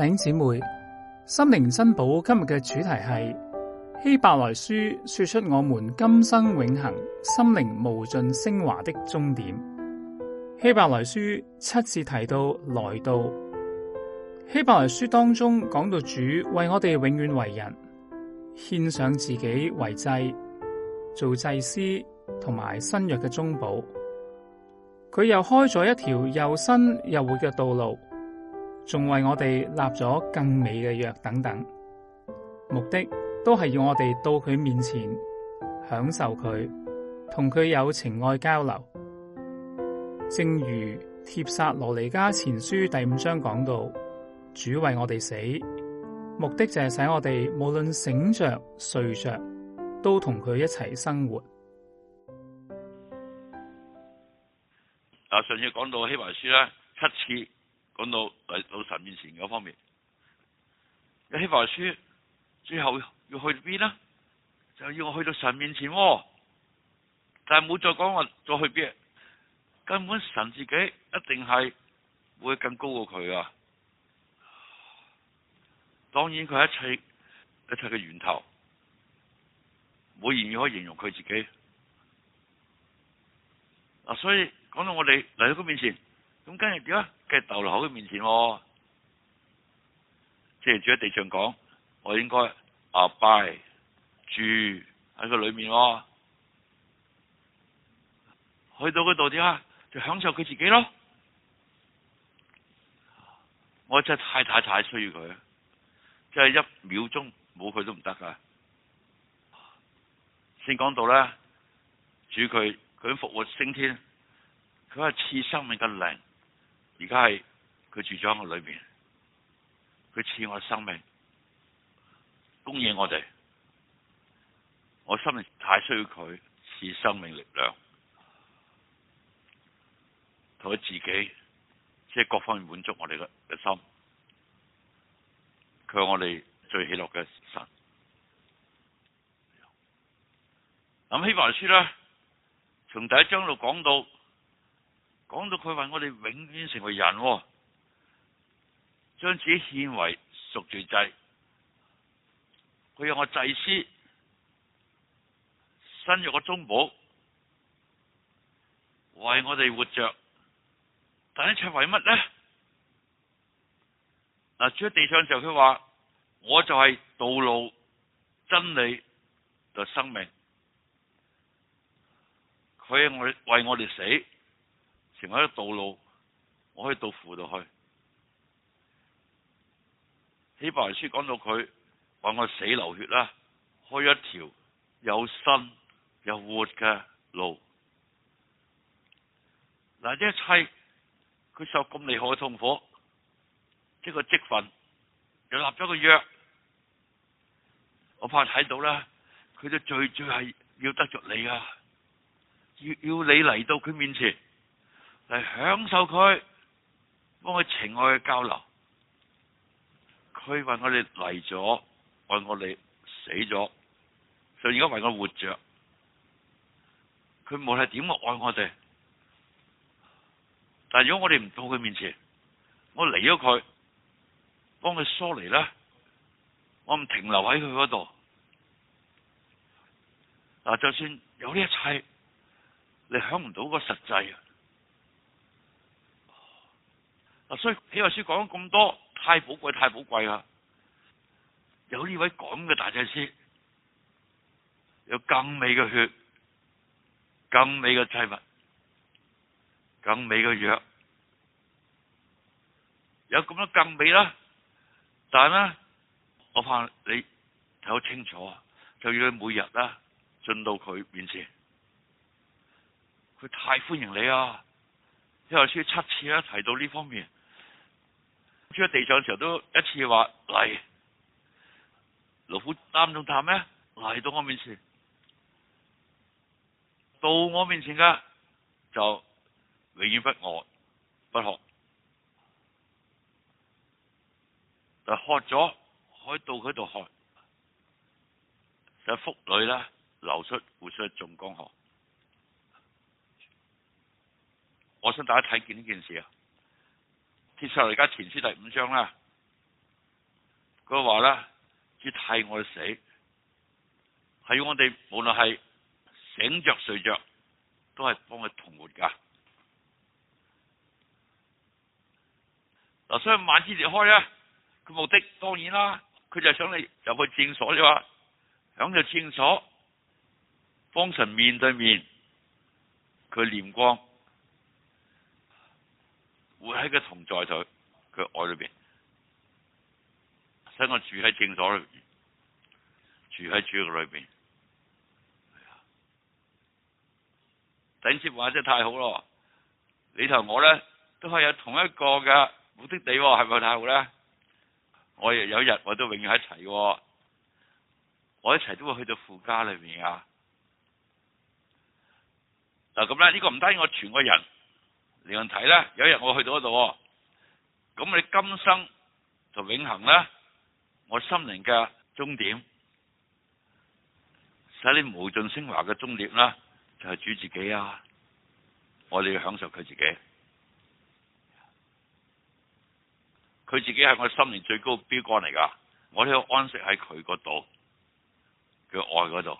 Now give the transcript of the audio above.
弟兄姊妹，心靈珍寶今日嘅主題係希伯來書，說出我們今生永恆、心靈無盡昇華的終點。希伯來書七次提到來到。希伯來書當中，講到主為我哋永遠為人獻上自己為祭，做祭司同埋新約嘅中保。佢又開咗一條又新又活嘅道路。仲為我哋立咗更美嘅約，等等，目的都係要我哋到佢面前享受佢，同佢有情愛交流。正如帖撒羅尼迦前書第五章講到，主為我哋死，目的就係使我哋無論醒着睡着，都同佢一齊生活。啊，上次講到希伯來書啦，七次。講到嚟到神面前嗰方面，有希伯來書，最後要去邊呢？就要我去到神面前喎、啊，但係冇再講我再去邊，根本神自己一定係會更高過佢噶。當然佢一切一切嘅源頭，冇言語可以形容佢自己。啊、所以講到我哋嚟到嗰面前。咁跟住點啊？跟住逗留喺佢面前喎、哦，即係住喺地上講，我應該阿拜住喺佢裏面喎、哦。去到嗰度點啊？就享受佢自己咯。我真係太太太需要佢，真係一秒鐘冇佢都唔得噶。先講到呢，主佢佢復活升天，佢係賜生命嘅靈。而家係佢住咗喺我裏面，佢賜我生命，供應我哋。我心靈太需要佢賜生命力量，同佢自己即係各方面滿足我哋嘅嘅心。佢係我哋最喜樂嘅神。咁希伯來書咧，從第一章度講到。講到佢話我哋永遠成為人，將自己獻為贖罪祭。佢有我祭司，身有個中保，為我哋活着。但一切為乜呢？嗱，出地上就佢話我就係道路、真理、同生命。佢係我為我哋死。停喺啲道路，我可以到父度去。希伯來書講到佢話：我死流血啦，開一條又新又活嘅路。嗱，一切佢受咁厲害嘅痛苦，即個積分，又立咗個約。我怕睇到啦，佢嘅最最係要得着你啊！要要你嚟到佢面前。嚟享受佢，幫佢情愛嘅交流。佢為我哋嚟咗，愛我哋死咗，就而家為我活着。佢無論係點愛我哋，但係如果我哋唔到佢面前，我離咗佢，幫佢疏離咧，我唔停留喺佢嗰度。嗱，就算有呢一切，你享唔到個實際啊！所以希伯來書講咗咁多，太寶貴，太寶貴啦！有呢位咁嘅大祭司，有更美嘅血，更美嘅祭物，更美嘅約，有咁多更美啦。但係咧，我怕你睇好清楚，就要你每日進進到佢面前，佢太歡迎你啊！希伯來書七次提到呢方面。出地上嘅時候都一次話嚟，勞苦擔重擔咩？嚟到我面前，到我面前噶就永遠不餓不渴，但渴咗可以到佢度渴，就是，腹裏啦流出，活出仲江河，我想大家睇見呢件事啊！揭出而家《前書》第五章啦，佢話咧，要替我哋死，係要我哋無論係醒着睡着，都係幫佢同活㗎。嗱，所以晚之嚟開幔子裂開咧，佢目的當然啦，佢就係想你入去，去聖所，你話響個聖所，方神面對面，佢念光。會喺個同在佢嘅愛裏邊，所以我住喺正所裏邊，住喺主嘅裏邊。等於話真係太好咯，你同我咧都係有同一個嘅目的地，哦，係咪太好咧？我亦有日我都永遠喺一齊，哦，我一齊都會去到父家裏邊啊！嗱咁咧，呢、這個唔單止我全個人。.你我睇啦！有一日我去到嗰度、哦，咁你今生就永恆啦。我心靈嘅終點，使你無盡升華嘅終點啦，就係、是、主自己啊！我哋要享受佢自己，佢自己係我心靈最高嘅標杆嚟噶。我都要安息喺佢嗰度，佢愛嗰度。